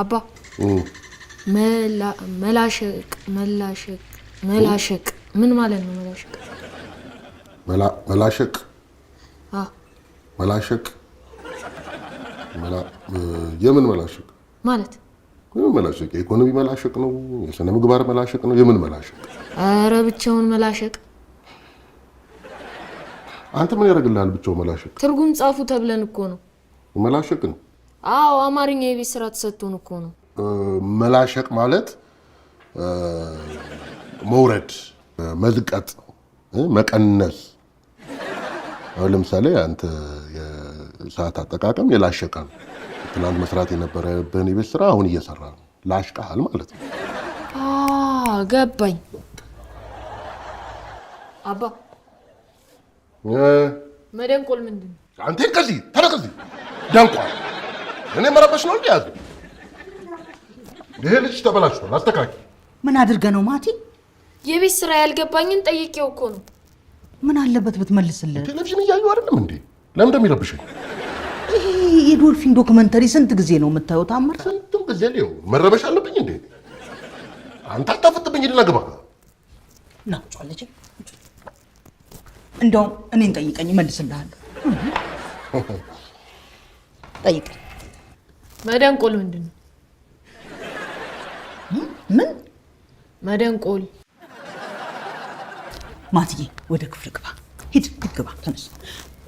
አባ መላሸቅ መላሸቅ መላሸቅ ምን ማለት ነው? መላሸቅ መላሸቅ መላሸቅ የምን መላሸቅ ማለት የምን መላሸቅ? የኢኮኖሚ መላሸቅ ነው? የስነ ምግባር መላሸቅ ነው? የምን መላሸቅ? ኧረ ብቻውን መላሸቅ አንተ ምን ያደርግልሃል? ብቻው መላሸቅ ትርጉም ጻፉ ተብለን እኮ ነው መላሸቅ ነው። አዎ አማርኛ የቤት ስራ ተሰጥቶን እኮ ነው። መላሸቅ ማለት መውረድ፣ መዝቀጥ፣ መቀነስ። ለምሳሌ አንተ የሰዓት አጠቃቀም የላሸቀ ነው። ትናንት መስራት የነበረብህን የቤት ስራ አሁን እየሰራ ነው። ላሽቀሃል ማለት ነው። ገባኝ አባ። መደንቆል ምንድን ነው? አንተ ከዚህ ተነቀዚህ ደንቋል እኔ መረበሽ ነው እንዲያዙ ይሄ ልጅ ተበላሽቷል፣ አስተካኪ። ምን አድርገ ነው ማቲ? የቤት ስራ ያልገባኝን ጠይቄው እኮ ነው። ምን አለበት ብትመልስልን? ቴሌቪዥን እያዩ አይደለም እንዴ? ለምን እንደሚረብሽኝ። ይሄ የዶልፊን ዶክመንተሪ ስንት ጊዜ ነው የምታየው? ታምር፣ ስንቱም ጊዜ ሊው መረበሽ አለብኝ እንዴ? አንተ አታፈጥብኝ። ሄድና ግባ ናጫለች። እንደውም እኔን ጠይቀኝ፣ መልስልሃለሁ። ጠይቀኝ መደንቆል ምንድን ነው? ምን መደንቆል? ማትዬ ወደ ክፍል ግባ። ሂድ ሂድ፣ ግባ፣ ተነስ።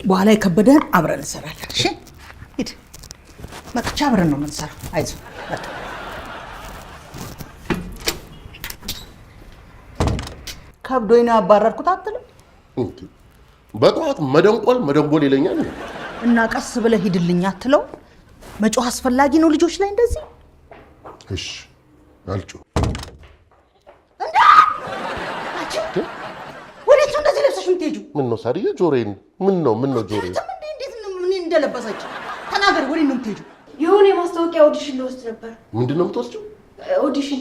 በኋላ የከበደን አብረን እንሰራለን። እሺ፣ ሂድ። መጥቻ አብረን ነው የምንሰራው። አይዞህ። ከብዶኝ ነው ያባረርኩት አትልም? በጠዋት መደንቆል መደንቆል ይለኛል እና ቀስ ብለህ ሂድልኝ አትለው መጮህ አስፈላጊ ነው ልጆች ላይ እንደዚህ። እሺ አልጮህ ወዴት እንደዚህ ለብሰሽ የምትሄጂው? ምን ነው ሳርዬ? ጆሮዬን ምን ነው ምን ነው ጆሮዬን እንዴት ነው ምን እንደለበሰች ተናገር። ወዴት ነው የምትሄጂው? የሆነ የማስታወቂያ ኦዲሽን ልወስድ ነበር። ምንድን ነው የምትወስጂው? ኦዲሽን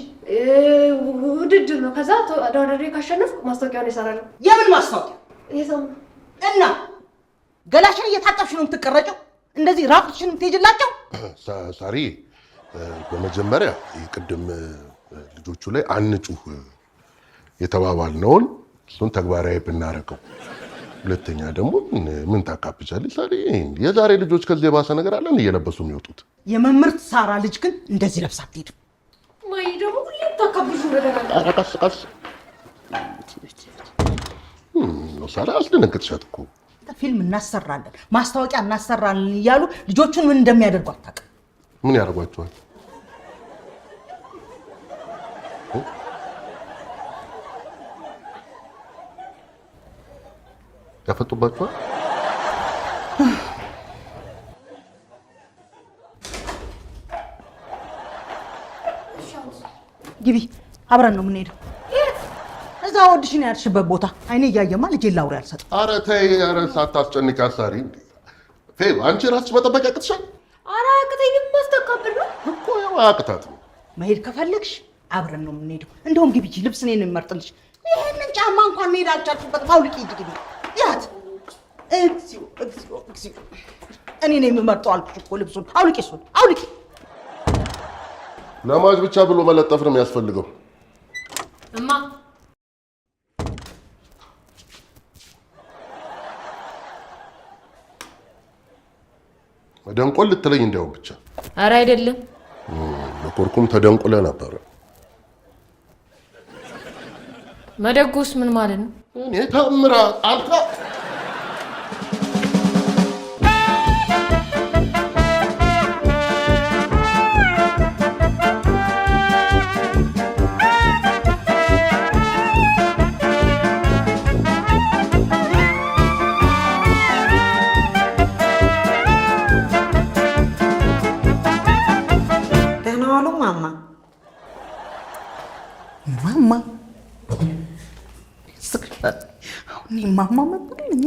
ውድድር ነው። ከዛ ተወዳዳሪ ካሸነፍ ማስታወቂያውን ይሰራል። የምን ማስታወቂያ? ይሄ ሰው እና ገላሽን እየታጠብሽ ነው የምትቀረጨው እንደዚህ ራቁትሽን ትሄጂላቸው? ሳሪ፣ በመጀመሪያ ቅድም ልጆቹ ላይ አንጩህ የተባባልነውን እሱን ተግባራዊ ብናረገው፣ ሁለተኛ ደግሞ ምን ታካብቻለች ሳሪ? የዛሬ ልጆች ከዚህ የባሰ ነገር አለን እየለበሱ የሚወጡት። የመምህርት ሳራ ልጅ ግን እንደዚህ ለብሳ አትሄድም። ማይ ደግሞ ሁሌም ታካብዙ ነገር ሳራ አስደነግጥሻት እኮ ፊልም እናሰራለን፣ ማስታወቂያ እናሰራለን እያሉ ልጆቹን ምን እንደሚያደርጉ አታውቅም። ምን ያደርጓቸዋል? ያፈጡባቸዋል። ግቢ፣ አብረን ነው የምንሄደው። ከዛ ወድሽ ነው ያልሽበት ቦታ አይኔ እያየማ ልጄን ላውሪ አልሰጥም። ኧረ ተይ፣ ኧረ ሳታስጨንቃት አሳሪ ፌም አንቺ ራስሽ መጠበቅ ያቅትሻል። ኧረ አያቅተኝም። ማስተካከል ነው እኮ ያው አያቅታት ነው። መሄድ ከፈለግሽ አብረን ነው የምንሄደው። እንደውም ግቢ እንጂ ልብስ እኔን የምመርጥልሽ። ይህንን ጫማ እንኳን መሄድ አልቻልሽበት። አውልቂ እንጂ ግቢ ያት። እግዚኦ፣ እግዚኦ፣ እግዚኦ። እኔ ነው የምመርጠው አልኩሽ እኮ ልብሱን። አውልቂ፣ እሱን አውልቂ። ለማጅ ብቻ ብሎ መለጠፍ ነው የሚያስፈልገው እማ ደንቆል ልትለኝ እንዲያውም ብቻ። አረ አይደለም፣ ለኮርኩም ተደንቁለ ነበረ። መደጎስ ምን ማለት ነው? እኔ ተምራ አልታ እማማ መባል እኔ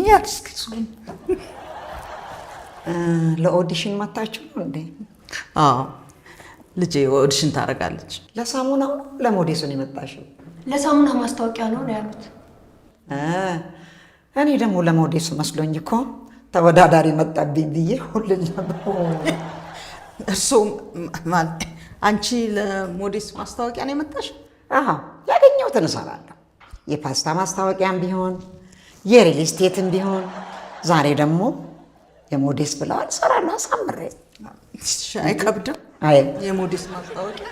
ለኦዲሽን መታችሁ ነው እንዴ? ልጄ ኦዲሽን ታደርጋለች። ለሳሙናው ለሞዴሱን ለሞዴሱ የመጣሽው? ለሳሙና ማስታወቂያ ነው ነው ያሉት። እኔ ደግሞ ለሞዴሱ መስሎኝ እኮ ተወዳዳሪ መጣብኝ ብዬ ሁልኝ እሱ ማለት አንቺ ለሞዴስ ማስታወቂያ ነው የመጣሽ? አዎ ያገኘሁትን እሰራለሁ። የፓስታ ማስታወቂያም ቢሆን የሪል ስቴትም ቢሆን ዛሬ ደግሞ የሞዴስ ብለዋል። ሰራና አሳምሬ አይከብድም። የሞዴስ ማስታወቂያ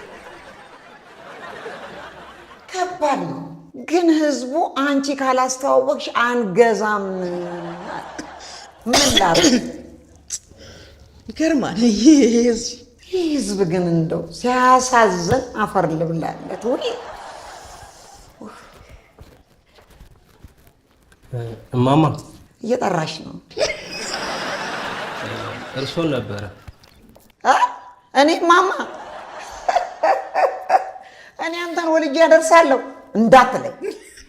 ከባድ ነው፣ ግን ህዝቡ አንቺ ካላስተዋወቅሽ አንገዛም። ምን ላድርግ? ይገርማል። ይህ ህዝብ ግን እንደው ሲያሳዘን አፈር ልብላለት ወይ እማማ እየጠራሽ ነው። እርሶን ነበረ እኔ እማማ እኔ አንተን ወልጄ ያደርሳለሁ እንዳትለኝ።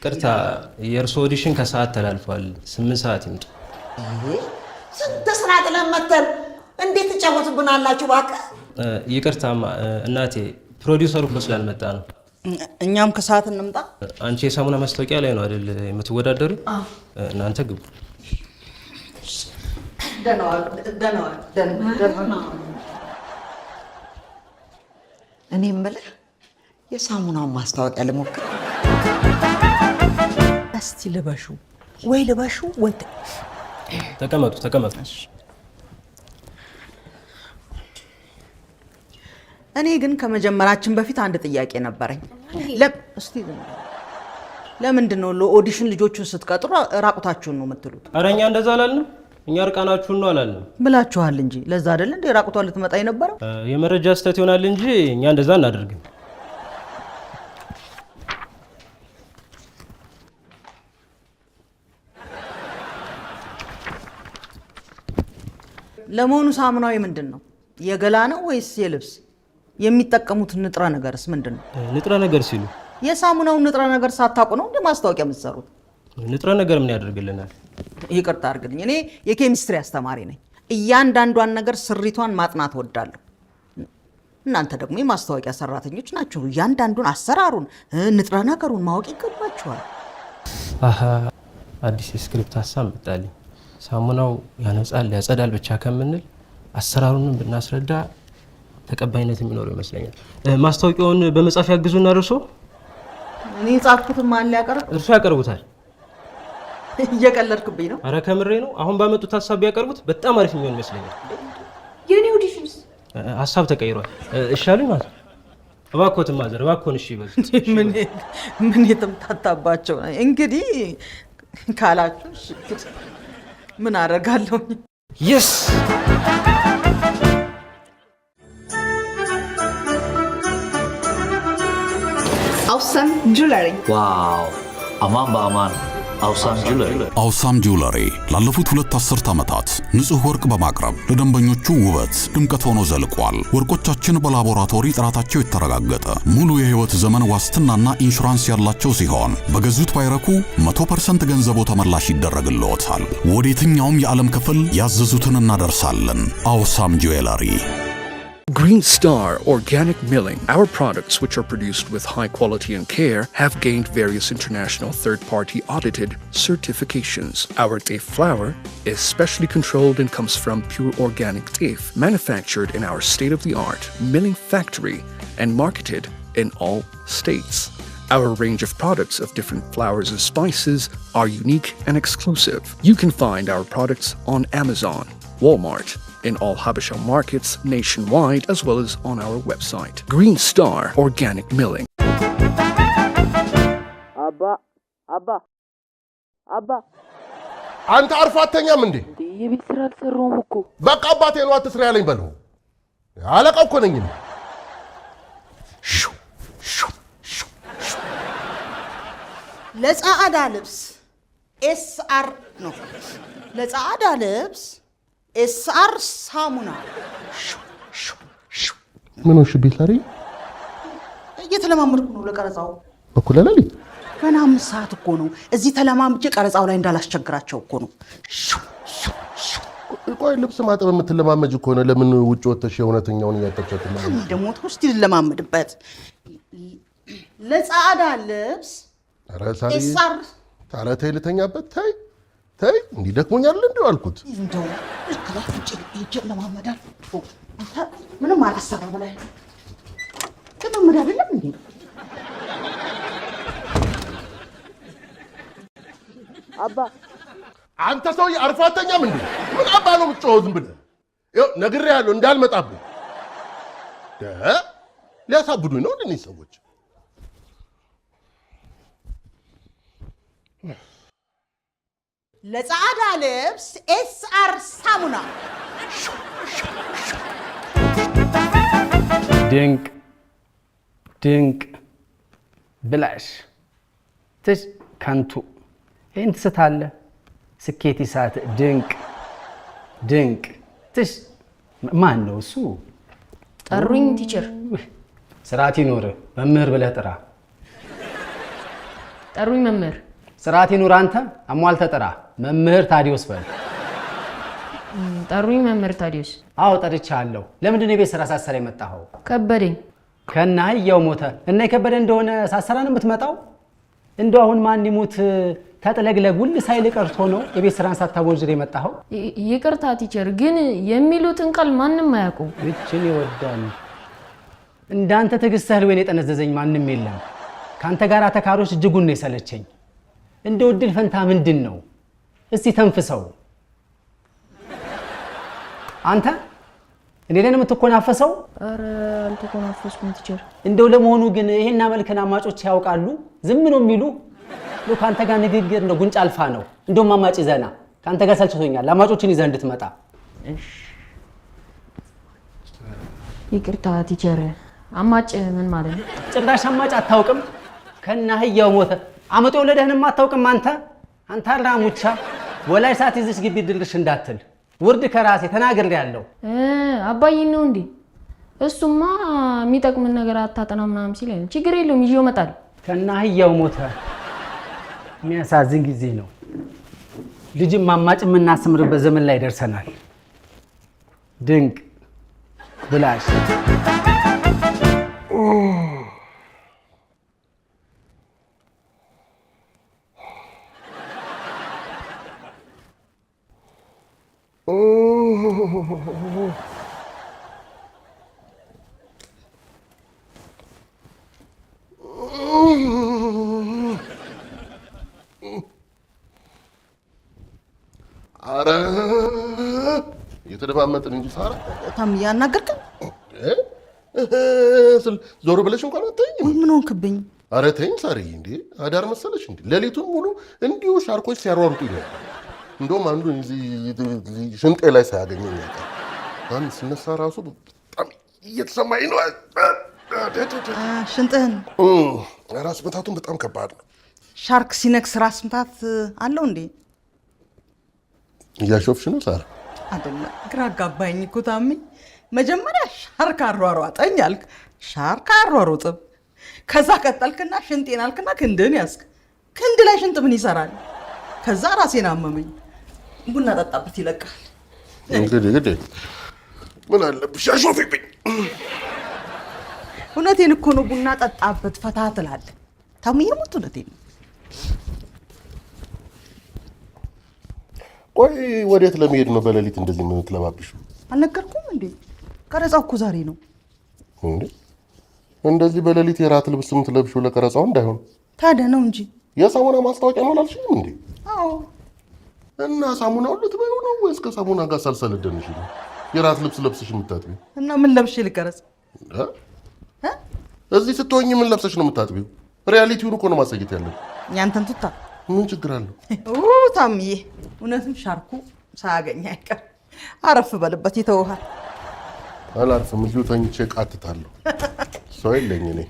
ቅርታ የእርሶ ኦዲሽን ከሰዓት ተላልፏል። ስምንት ሰዓት ይምጡ። ስንት ስራ ጥለን መተን እንዴት ትጫወቱብናላችሁ? እባክህ ይቅርታማ እናቴ ፕሮዲውሰሩ እኮ ስላልመጣ ነው። እኛም ከሰዓት እንምጣ። አንቺ የሳሙና ማስታወቂያ ላይ ነው አይደል የምትወዳደሩ? እናንተ ግቡ። እኔ የምልህ የሳሙናውን ማስታወቂያ ልሞክር እስቲ። ልበሹ ወይ ልበሹ ወይ ተቀመጡ፣ ተቀመጡ። እኔ ግን ከመጀመራችን በፊት አንድ ጥያቄ ነበረኝ። ለምንድን ነው ለኦዲሽን ልጆቹን ስትቀጥሩ ራቁታችሁን ነው የምትሉት? ኧረ እኛ እንደዛ አላልንም። እኛ እርቃናችሁን ነው አላልንም ብላችኋል እንጂ ለዛ አይደል እንደ ራቁቷን ልትመጣ የነበረው? የመረጃ ስህተት ይሆናል እንጂ እኛ እንደዛ እናደርግም። ለመሆኑ ሳሙናዊ ምንድን ነው? የገላ ነው ወይስ የልብስ? የሚጠቀሙት ንጥረ ነገርስ ምንድን ነው? ንጥረ ነገር ሲሉ የሳሙናውን ንጥረ ነገር ሳታውቁ ነው እንደ ማስታወቂያ የምትሰሩት? ንጥረ ነገር ምን ያደርግልናል? ይቅርታ አድርግልኝ፣ እኔ የኬሚስትሪ አስተማሪ ነኝ። እያንዳንዷን ነገር ስሪቷን ማጥናት ወዳለሁ። እናንተ ደግሞ የማስታወቂያ ሰራተኞች ናችሁ። እያንዳንዱን አሰራሩን፣ ንጥረ ነገሩን ማወቅ ይገባችኋል። አዲስ የስክሪፕት ሀሳብ መጣልኝ። ሳሙናው ያነጻል፣ ያጸዳል ብቻ ከምንል አሰራሩንም ብናስረዳ ተቀባይነት የሚኖረው ይመስለኛል። ማስታወቂያውን በመጻፍ ያግዙና እርሶ እኔ ጻፍኩትም ማን ሊያቀርብ? እርሶ ያቀርቡታል። እየቀለድክብኝ ነው። አረ ከምሬ ነው። አሁን ባመጡት ሀሳብ ቢያቀርቡት በጣም አሪፍ የሚሆን ይመስለኛል። የኔ ኦዲሽንስ ሀሳብ ተቀይሯል። እሻሉኝ ማለት እባክዎት ማዘር እባኮን፣ እሺ ይበሉት። ምን የተምታታባቸው እንግዲህ ካላችሁ ምን አደርጋለሁ? የስ አውሳም ጁለሪ ዋው አማን በአማን አውሳም ጁለሪ ላለፉት ሁለት አስርት ዓመታት ንጹሕ ወርቅ በማቅረብ ለደንበኞቹ ውበት ድምቀት ሆኖ ዘልቋል። ወርቆቻችን በላቦራቶሪ ጥራታቸው የተረጋገጠ ሙሉ የሕይወት ዘመን ዋስትናና ኢንሹራንስ ያላቸው ሲሆን በገዙት ባይረኩ 100% ገንዘቦ ተመላሽ ይደረግልዎታል። ወደ የትኛውም የዓለም ክፍል ያዘዙትን እናደርሳለን። አውሳም ጁዌለሪ Green Star Organic Milling. Our products, which are produced with high quality and care, have gained various international third party audited certifications. Our teff flour is specially controlled and comes from pure organic teff, manufactured in our state of the art milling factory and marketed in all states. Our range of products of different flowers and spices are unique and exclusive. You can find our products on Amazon, Walmart, in all Habesha markets nationwide as well as on our website. Green Star Organic Milling. Abba, Abba, Abba. አንተ አርፋ አተኛም እንዴ? የቤት ስራ አልሰራሁም እኮ። በቃ አባቴ ነው አትስራ ያለኝ በልሁ። አለቃው እኮ ነኝ። ለጸአዳ ልብስ ኤስአር ነው። ለጸአዳ ልብስ ኤስአር ሳሙና ምን ሆንሽብኝ? ታሪ እየተለማመድኩ ነው ለቀረጻው። በኩል ሌሊት ገና አምስት ሰዓት እኮ ነው። እዚህ ተለማምጄ ቀረጻው ላይ እንዳላስቸግራቸው እኮ ነው። ቆይ ልብስ ማጠብ የምትለማመጅ ከሆነ ለምን ውጭ ወተሽ የእውነተኛውን እያጠብቻት ደግሞ ውስጥ ይለማመድበት ለጸአዳ ልብስ ረሳ ታረተ ልተኛበት ታይ ተይ እንዲህ ደክሞኛል እንዲሁ አልኩት። እንደው ልክ ላይ ውጭ ሄጄ ለማመዳል ምንም አላሰራ በላይ ለማመድ አይደለም እንዴ? አባ አንተ ሰውዬ አርፋተኛም እንዴ? ምን አባ ነው የምትጮኸው? ዝም ብለህ ይኸው ነግሬሃለሁ እንዳልመጣብህ። ሊያሳብዱኝ ነው እነዚህ ሰዎች። ለጸዓዳ ልብስ ኤስአር ሳሙና ድንቅ ድንቅ ብላሽ ትሽ ከንቱ ይህን ትስታለ ስኬት ይሳት ድንቅ ድንቅ ትሽ ማን ነው እሱ? ጠሩኝ ቲቸር። ስርዓት ይኖር መምህር ብለህ ጥራ። ጠሩኝ መምህር ስርዓት ይኑር። አንተ አሟል ተጠራ መምህር ታዲዮስ በል። ጠሩኝ መምህር ታዲዮስ። አዎ አለው። ለምንድን ነው የቤት ስራ ሳሰራ የመጣኸው? ከበደኝ ከና ያው ሞተ እና የከበደ እንደሆነ ሳሰራ ነው የምትመጣው? እንደው አሁን ማን ይሙት ተጥለግለግ ውል ሳይል ቀርቶ ነው የቤት ስራን ሳታወጅር የመጣኸው? ይቅርታ ቲቸር፣ ግን የሚሉትን ቃል ማንም አያውቁም። እችን ይወዳል እንዳንተ ትዕግስት ህልዌን የጠነዘዘኝ ማንም የለም። ከአንተ ጋር ተካሮች እጅጉን ነው የሰለቸኝ። እንደው እድል ፈንታ ምንድን ነው? እስቲ ተንፍሰው። አንተ እኔ ላይ ነው የምትኮናፈሰው? ኧረ አልተኮናፈስኩም ቲቸር። እንደው ለመሆኑ ግን ይሄን መልክን አማጮች ያውቃሉ? ዝም ነው የሚሉ? ከአንተ ጋር ንግግር ነው ጉንጭ አልፋ ነው። እንደውም አማጭ ዘና ከአንተ ጋር ሰልችቶኛል። አማጮችን ይዘህ እንድትመጣ። ይቅርታ ቲቸር። አማጭ ምን ማለት ነው? ጭራሽ አማጭ አታውቅም? ከና ህያው ሞተ አመጦ የወለደህንም አታውቅም አንተ አንተ አራሙቻ ወላይ ሰዓት ይዝሽ ግቢ ድርሽ እንዳትል ውርድ ከራሴ ተናግሬ ያለው አባይ ነው እንዴ? እሱማ የሚጠቅምን ነገር አታጠና ምናምን ሲል ችግር የለውም ይዤው እመጣለሁ። ከና ህያው ሞተ። የሚያሳዝን ጊዜ ነው። ልጅም ማማጭ የምናስምርበት ዘመን ላይ ደርሰናል። ድንቅ ብላሽ አረ የተደማመጥን እንጂ ሳራ ታም ዞር ብለሽ እንኳን አትይኝም። ምን ሆንክብኝ? አረ ተይኝ ሳርዬ፣ እንዴ አዳር መሰለሽ እንዴ? ሌሊቱን ሙሉ እንዲሁ ሻርኮች ሲያሯሩጡኝ ነበር። እንደውም አንዱ ሽንጤ ላይ ሳያገኘ ያውቃል። አንድ ስነሳ ራሱ በጣም እየተሰማኝ ነው። ሽንጥህን ራስ ምታቱን በጣም ከባድ ነው። ሻርክ ሲነክስ ራስ ምታት አለው እንዴ? እያሾፍሽ ነው ሳር? አይደለም፣ ግራ አጋባኝ እኮ ታሜ። መጀመሪያ ሻርክ አሯሯጠኝ አልክ፣ ሻርክ አሯሮጥም። ከዛ ቀጠልክና ሽንጤን አልክና ክንድህን ያዝክ። ክንድ ላይ ሽንጥ ምን ይሰራል? ከዛ ራሴን አመመኝ። ቡና ጠጣበት ይለቃል። እንግዲህ እንግዲህ ምን አለብሽ አሾፊብኝ። እውነቴን እኮ ነው። ቡና ጠጣበት ፈታ ትላለህ። ታሙዬ ሞት እውነቴን ነው። ቆይ ወዴት ለመሄድ ነው በሌሊት እንደዚህ የምትለባብሽ? አልነገርኩም እንዴ? ቀረጻው እኮ ዛሬ ነው እንዴ? እንደዚህ በሌሊት የራት ልብስ የምትለብሽው ለቀረጻው እንዳይሆን። ታዲያ ነው እንጂ የሳሙና ማስታወቂያ ነው አላልሽም እንዴ? አዎ እና ሳሙና ሁሉ ትበይው ነው ወይስ ከሳሙና ጋር ሳልሰለደንሽ ነው የራስ ልብስ ለብሰሽ የምታጥቢው? እና ምን ለብሼ ልቀረጽ? እዚህ ስትሆኝ ምን ለብሰሽ ነው የምታጥቢው? ሪያሊቲውን እኮ ነው ማሳየት ያለብን። ያንተን ቱታ ምን ችግር አለው? ታምዬ፣ እውነትም ሻርኩ ሳያገኝ አይቀር አረፍ በልበት ይተውሃል። አላርፍም፣ እዚሁ ተኝቼ ቃትታለሁ። ሰው የለኝ እኔ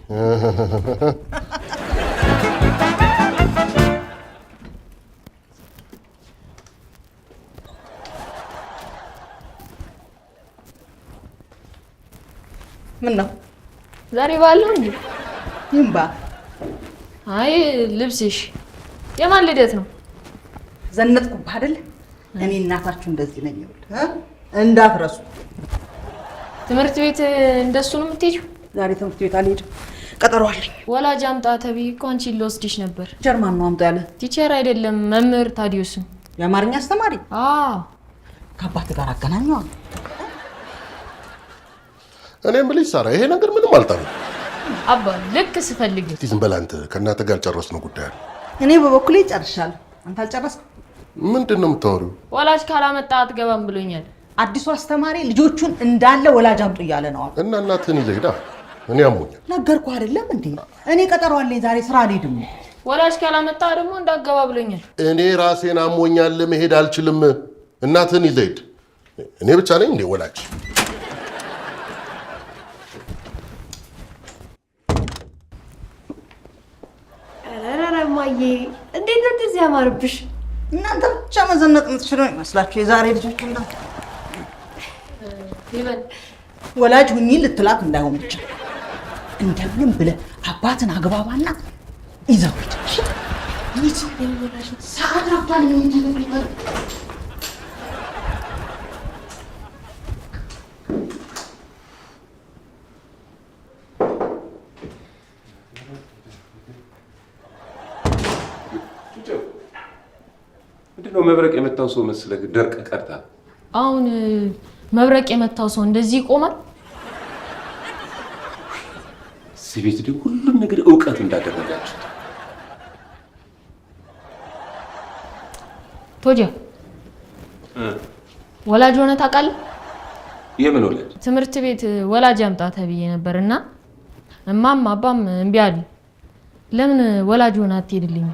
ምን ነው ዛሬ ባለው እንዴ? ይምባ አይ ልብስሽ የማን ልደት ነው? ዘነጥኩብህ አይደል? እኔ እናታችሁ እንደዚህ ነኝ። ይኸውልህ እንዳትረሱ። ትምህርት ቤት እንደሱ ነው የምትሄጂው? ዛሬ ትምህርት ቤት አልሄድም፣ ቀጠሮ አለኝ። ወላጅ አምጣ ተብዬ እኮ አንቺን ልወስድሽ ነበር። ቲቸር ማን ነው አምጣ ያለ? ቲቸር አይደለም መምህር ታዲዮስ የአማርኛ አስተማሪ? አዎ። ከአባት ጋር አገናኘዋል። እኔም ብልሽ ሳራ ይሄ ነገር ምንም አልጣም አባ ልክ ስፈልግ እስቲ ዝም በል አንተ። ከእናትህ ጋር ጉዳይ እኔ በበኩሌ ጨርሻለሁ። አንተ አልጨረስኩም። ምንድን ነው የምታወሪው? ወላጅ ካላመጣ አትገባም ብሎኛል። አዲሱ አስተማሪ ልጆቹን እንዳለ ወላጅ አምጡ እያለ ነው። እና እናትህን ይዘህ እኔ አሞኛል። ነገርኩህ አይደለም እንዴ? እኔ ቀጠሮ አለኝ ዛሬ ስራ አልሄድም። ወላጅ ካላመጣ ደግሞ እንዳገባ ብሎኛል። እኔ ራሴን አሞኛል፣ መሄድ አልችልም። እናትህን ይዘህ ሂድ። እኔ ብቻ ነኝ እንዴ ወላጅ? አባዬ እንዴት ነው እንደዚህ ያማርብሽ? እናንተ ብቻ መዘነጥ ምትችሉ ይመስላችሁ የዛሬ ልጆች እና ወላጅ ሁኚ ልትላት እንዳይሆን ብቻ እንደምንም ብለ አባትን አግባባና ይዘውት መብረቅ የመታው ሰው መስለህ ደርቅ ቀርታ። አሁን መብረቅ የመታው ሰው እንደዚህ ይቆማል? እዚህ ቤት ደግሞ ሁሉም ነገር እውቀት እንዳደረጋችሁ ቶጃ ወላጅ ሆነ ታውቃለህ? የምን ወላጅ? ትምህርት ቤት ወላጅ አምጣ ተብዬ ነበር እና እማም አባም እምቢ አሉ። ለምን ወላጅ ሆነ አትሄድልኝም?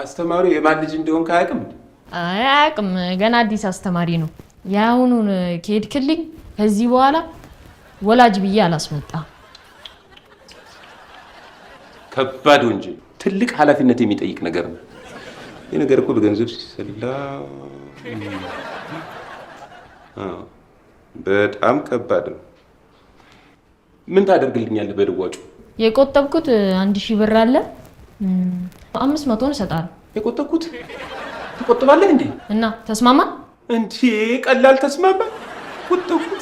አስተማሪ የማን ልጅ እንደሆን ካያቅም አያውቅም። ገና አዲስ አስተማሪ ነው። የአሁኑን ከሄድክልኝ ከዚህ በኋላ ወላጅ ብዬ አላስመጣ። ከባድ ወንጀል፣ ትልቅ ኃላፊነት የሚጠይቅ ነገር ነው። ይህ ነገር እኮ በገንዘብ ሲሰላ በጣም ከባድ ነው። ምን ታደርግልኛለህ? በልዋጩ የቆጠብኩት አንድ ሺህ ብር አለ አምስት መቶን እሰጣለሁ። የቆጠብኩት ትቆጥባለህ እንዴ? እና ተስማማ እንዴ? ቀላል ተስማማ። ቁጥቁት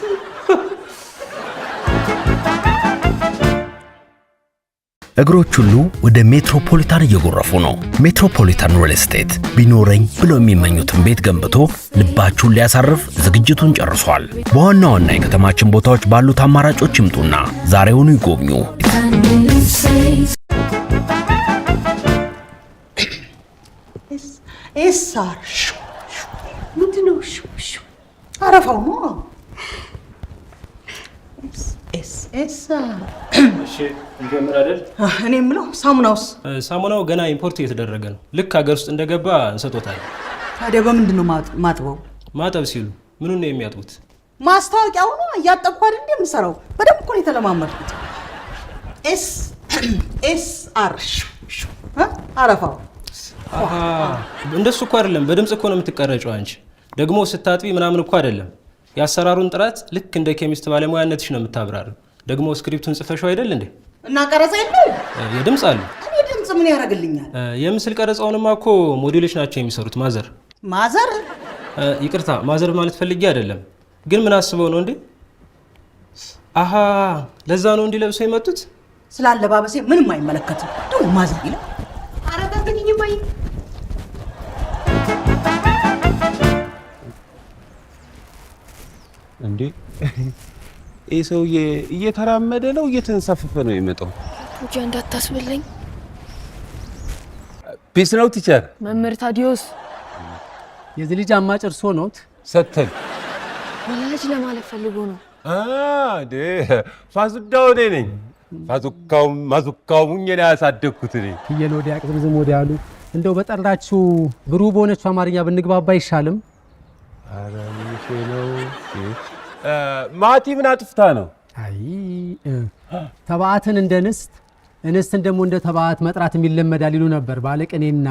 እግሮች ሁሉ ወደ ሜትሮፖሊታን እየጎረፉ ነው። ሜትሮፖሊታን ሪል ስቴት ቢኖረኝ ብለው የሚመኙትን ቤት ገንብቶ ልባችሁን ሊያሳርፍ ዝግጅቱን ጨርሷል። በዋና ዋና የከተማችን ቦታዎች ባሉት አማራጮች ይምጡና ዛሬውኑ ይጎብኙ። ኤሳር ምንድን ነው? አረፋው ነው። እኔ የምለው ሳሙናውስ? ሳሙናው ገና ኢምፖርት እየተደረገ ነው። ልክ ሀገር ውስጥ እንደገባ እንሰጦታል። ታዲያ በምንድን ነው ማጥበው? ማጠብ ሲሉ ምኑን ነው የሚያጥቡት? ማስታወቂያ ሆኖ እያጠብኩ አይደል የምሰራው። በደንብ እኮ ነው የተለማመድኩት። ኤስ ኤስ አር አረፋው እንደሱ እኮ አይደለም። በድምፅ እኮ ነው የምትቀረጨው አንቺ። ደግሞ ስታጥቢ ምናምን እኮ አይደለም። የአሰራሩን ጥራት ልክ እንደ ኬሚስት ባለሙያነትሽ ነው የምታብራር ደግሞ ስክሪፕቱን ጽፈሽው አይደል እንዴ? እና ቀረጸ የለው የድምፅ አለ። እኔ ድምፅ ምን ያደርግልኛል? የምስል ቀረጻውንማ እኮ ሞዴሎች ናቸው የሚሰሩት። ማዘር ማዘር፣ ይቅርታ ማዘር ማለት ፈልጌ አይደለም፣ ግን ምን አስበው ነው እንዴ? አሃ ለዛ ነው እንዲለብሰው የመጡት። ስላለባበሴ ምንም አይመለከትም። ማዘር ይላል እንዴ ይህ ሰውዬ እየተራመደ ነው እየተንሳፈፈ ነው የመጣው? እንጂ እንዳታስብልኝ። ፒስ ነው ቲቸር። መምህር ታዲዮስ የዚህ ልጅ አማጭ እርሶ ነውት? ሰተን ወላጅ ለማለት ፈልጎ ነው። አዴ ፋዙዳው እኔ ነኝ። ፋዙካው ማዙካው ሙኝና ያሳደግኩት እኔ ፍየል ወዲያ ቅዝምዝም ወዲያ አሉ። እንደው በጠራችሁ ብሩህ በሆነችው አማርኛ ብንግባባ አይሻልም? ማቲ ምን አጥፍታ ነው? አይ ተባዕትን እንደ እንስት እንስትን ደግሞ እንደ ተባዕት መጥራት የሚለመዳል ይሉ ነበር ባለቅኔና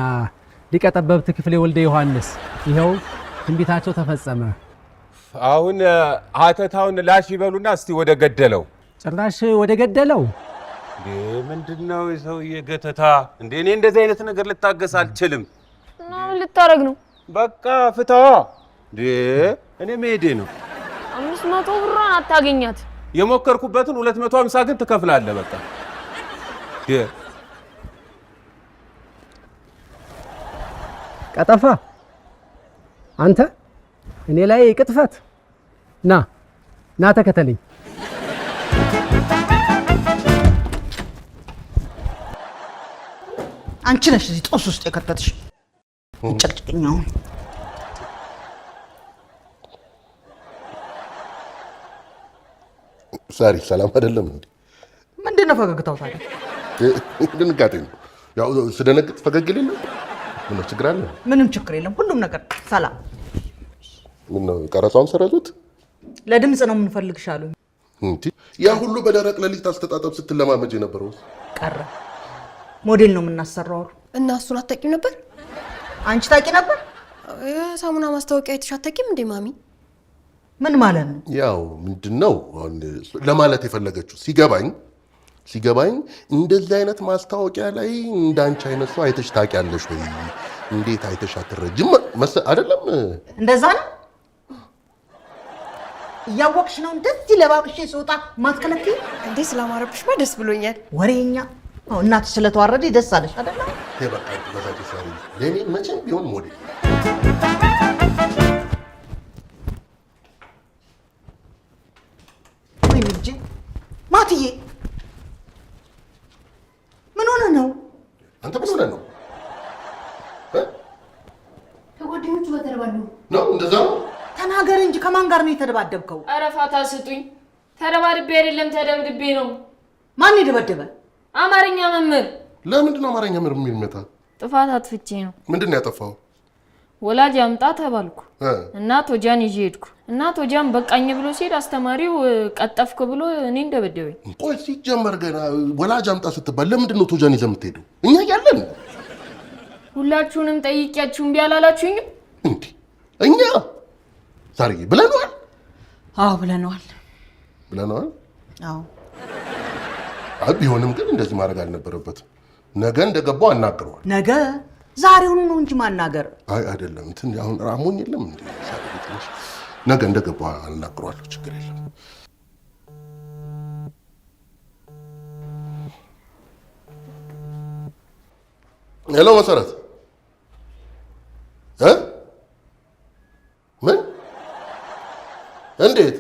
ሊቀ ጠበብት ክፍሌ ወልደ ዮሐንስ። ይኸው ትንቢታቸው ተፈጸመ። አሁን ሀተታውን ላሽ ይበሉና እስቲ ወደ ገደለው። ጭራሽ ወደ ገደለው ምንድን ነው የሰውዬ ገተታ? እንደ እኔ እንደዚህ አይነት ነገር ልታገስ አልችልም። ልታረግ ነው በቃ ፍታዋ እኔ መሄዴ ነው። አምስት መቶ ብሯን አታገኛት። የሞከርኩበትን ሁለት መቶ ሀምሳ ግን ትከፍላለህ። በቃ ቀጠፋ አንተ እኔ ላይ ቅጥፈት። ና ና ተከተለኝ። አንቺ ነሽ እዚህ ጦስ ውስጥ የከተትሽ ጨቅጭቅኛውን ሳሪ ሰላም አይደለም እንዴ? ምንድን ነው ፈገግታው? ታዲያ ድንጋጤ ነው። ያው ስደነግጥ ፈገግ የሌለው ምነው ችግር አለ? ምንም ችግር የለም። ሁሉም ነገር ሰላም። ነው ቀረጻውን ሰረዙት? ለድምፅ ነው የምንፈልግሽ አሉኝ። እንዴ ያ ሁሉ በደረቅ ለሊት አስተጣጠብ ስትለማመጅ የነበረው ቀረ። ሞዴል ነው የምናሰራው እና እሱን አታውቂም ነበር? አንቺ ታውቂ ነበር? የሳሙና ማስታወቂያ አይተሽ አታውቂም እንዴ ማሚ? ምን ማለት ነው? ያው ምንድን ነው ለማለት የፈለገችው ሲገባኝ ሲገባኝ እንደዚህ አይነት ማስታወቂያ ላይ እንዳንቺ አይነት ሰው አይተሽ ታውቂያለሽ ወይ? እንዴት አይተሽ አትረጅም? አይደለም እንደዛ ነው። እያወቅሽ ነው እንደዚህ ለባብሽ ስወጣ ማትከለክ እንዴ? ስላማረብሽ ማ ደስ ብሎኛል። ወሬኛ እናት ስለተዋረደ ደስ አለሽ አይደለም? መቼም ቢሆን ሞዴል አባትዬ ምን ሆነ ነው? አንተ ምን ሆነ ነው? ከጓደኞቹ ጋር ተደባደቡ ነው? እንደዛ ነው። ተናገር እንጂ ከማን ጋር ነው የተደባደብከው? ኧረ ፋታ ስጡኝ። ተደባድቤ አይደለም ተደብድቤ ነው። ማን የደበደበ? አማርኛ መምህር። ለምንድን ነው አማርኛ መምህር የሚመጣ? ጥፋት አጥፍቼ ነው። ምንድን ነው ያጠፋው? ወላጅ አምጣ ተባልኩ እና ቶጃን ይዤ ሄድኩ እና ቶጃን በቃኝ ብሎ ሲሄድ አስተማሪው ቀጠፍክ ብሎ እኔ እንደበደበኝ። ቆይ ሲጀመር ገና ወላጅ አምጣ ስትባል ለምንድን ነው ቶጃን ይዘህ የምትሄደው? እኛ እያለን ሁላችሁንም ጠይቂያችሁ እምቢ አላላችሁኝም። እንዲ እኛ ዛሬ ብለነዋል። አዎ ብለነዋል፣ ብለነዋል። አዎ ቢሆንም ግን እንደዚህ ማድረግ አልነበረበትም። ነገ እንደገባው አናግረዋል። ነገ ዛሬውኑ ነው እንጂ ማናገር አይደለም። እንትን አሁን ራሞኝ የለም እንዴ? ነገ እንደገባ አልናግሯለሁ። ችግር የለም። ሄሎ መሰረት እ ምን እንዴት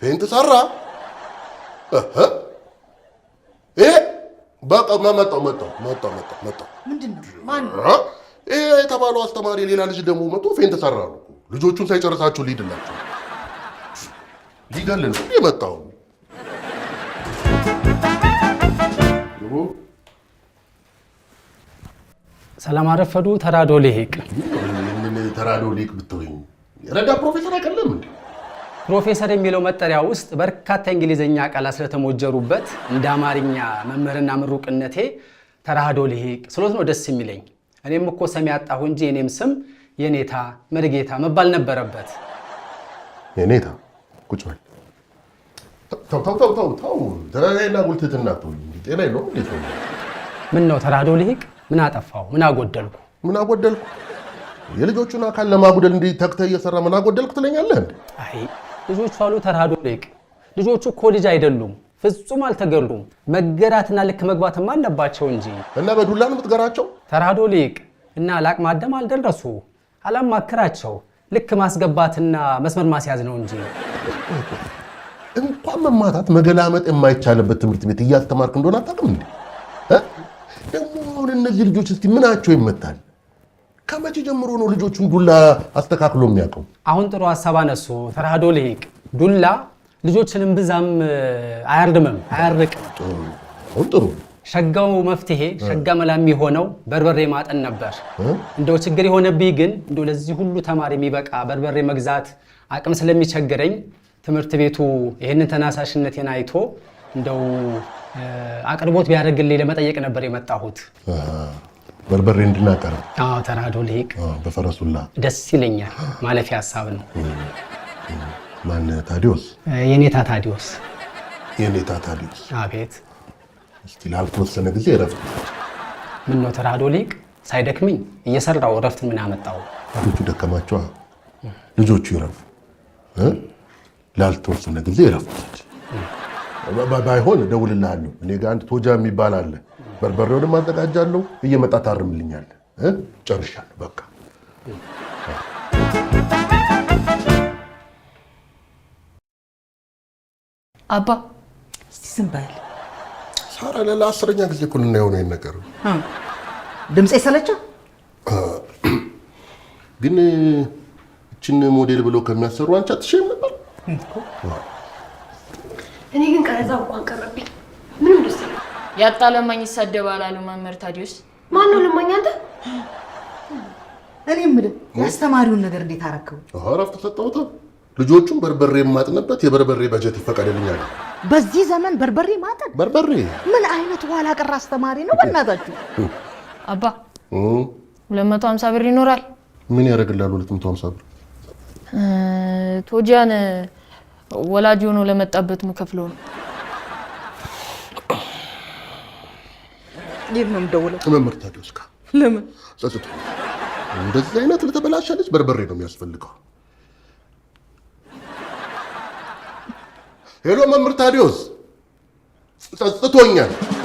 ፌንት ሰራ መጣሁ ምንድን ነው የተባለው አስተማሪ? ሌላ ልጅ ደግሞ መጥቶ ልጆቹን ሳይጨርሳችሁ ሊድላችሁ ሊገል ነው የመጣው። ሰላም አረፈዱ። ተራዶ ሊቅ ተራዶ ሊቅ ብትወኝ ረዳ ፕሮፌሰር አይቀለም እንዴ? ፕሮፌሰር የሚለው መጠሪያ ውስጥ በርካታ እንግሊዝኛ ቃላት ስለተሞጀሩበት እንደ አማርኛ መምህርና ምሩቅነቴ ተራህዶ ልሂቅ ስሎት ነው ደስ የሚለኝ። እኔም እኮ ሰሚ ያጣሁ እንጂ የኔም ስም የኔታ መርጌታ መባል ነበረበት። የኔታ ቁጭ በል ተው ጉልትትና ጤና የለውም እንዴት ነው? ምን ነው ተራህዶ ልሂቅ? ምን አጠፋው? ምን አጎደልኩ? ምን አጎደልኩ? የልጆቹን አካል ለማጉደል እንዲህ ተግተህ እየሰራ ምን አጎደልኩ ትለኛለህ? አይ ልጆቹ አሉ ተራዶ ሊቅ ልጆቹ እኮ ልጅ አይደሉም፣ ፍጹም አልተገሉም። መገራትና ልክ መግባትም አለባቸው እንጂ እና በዱላ ነው የምትገራቸው። ተራዶ ሊቅ እና ለአቅመ አዳም አልደረሱ አላማክራቸው። ልክ ማስገባትና መስመር ማስያዝ ነው እንጂ እንኳን መማታት መገላመጥ የማይቻልበት ትምህርት ቤት እያስተማርክ እንደሆነ አታውቅም ደግሞ አሁን እነዚህ ልጆች እስኪ ምናቸው ይመታል? ከመቼ ጀምሮ ነው ልጆቹን ዱላ አስተካክሎ የሚያውቀው? አሁን ጥሩ ሀሳብ አነሱ። ተራዶ ልሂቅ ዱላ ልጆችንም ብዛም አያርድምም አያርቅም። አሁን ጥሩ ሸጋው መፍትሄ ሸጋ መላም የሆነው በርበሬ ማጠን ነበር። እንደው ችግር የሆነብኝ ግን እንደ ለዚህ ሁሉ ተማሪ የሚበቃ በርበሬ መግዛት አቅም ስለሚቸግረኝ ትምህርት ቤቱ ይህንን ተናሳሽነቴን አይቶ እንደው አቅርቦት ቢያደርግልኝ ለመጠየቅ ነበር የመጣሁት። በርበሬ እንድናቀርብ ተራዶ ሊቅ በፈረሱላ ደስ ይለኛል። ማለፊያ ሀሳብ ነው። ማን ታዲዮስ? የኔታ ታዲዮስ። የኔታ ታዲዮስ? አቤት። እስቲ ላልተወሰነ ጊዜ እረፍት። ምን ነው ተራዶ ሊቅ ሳይደክምኝ እየሰራው እረፍትን ምን አመጣው? ልጆቹ ደከማቸዋ። ልጆቹ ይረፉ። ላልተወሰነ ጊዜ እረፍት። ባይሆን እደውልልሃለሁ። እኔ ጋር አንድ ቶጃ የሚባል አለ በርበሬውንም አዘጋጃለሁ። እየመጣ ታርምልኛል። ጨርሻለሁ። በቃ አባ እስቲ ዝም በል ሳራ። አስረኛ ጊዜ እኮ ልናየው ነው ነገር ድምፅ የሰለቸው ግን እችን ሞዴል ብሎ ከሚያሰሩ አንቺ አትሽም ነበር። እኔ ግን ቀረጻ እንኳን ቀረብኝ ምንም ደስ ያጣ ለማኝ ይሳደባል አሉ መምህር ታዲዮስ። ማን ነው ለማኝ? አንተ። እኔ የምልህ የአስተማሪውን ነገር እንዴት አረከው? እረፍት ሰጠውታ። ልጆቹም በርበሬ የማጥንበት የበርበሬ በጀት ይፈቀድልኛል። በዚህ ዘመን በርበሬ ማጠን? በርበሬ ምን አይነት ኋላ ቀር አስተማሪ ነው? በእናታችሁ አባ፣ 250 ብር ይኖራል። ምን ያደርግልሃል 250 ብር? ቶጃን ወላጅ ሆኖ ለመጣበት የምከፍለው ነው። የት ነው የምደውለው? መምህር ታዲዮስ ጋር። ለምን ጸጽቶ? እንደዚህ አይነት ለተበላሸ ልጅ በርበሬ ነው የሚያስፈልገው። ሄሎ መምህር ታዲዮስ፣ ጸጽቶኛል።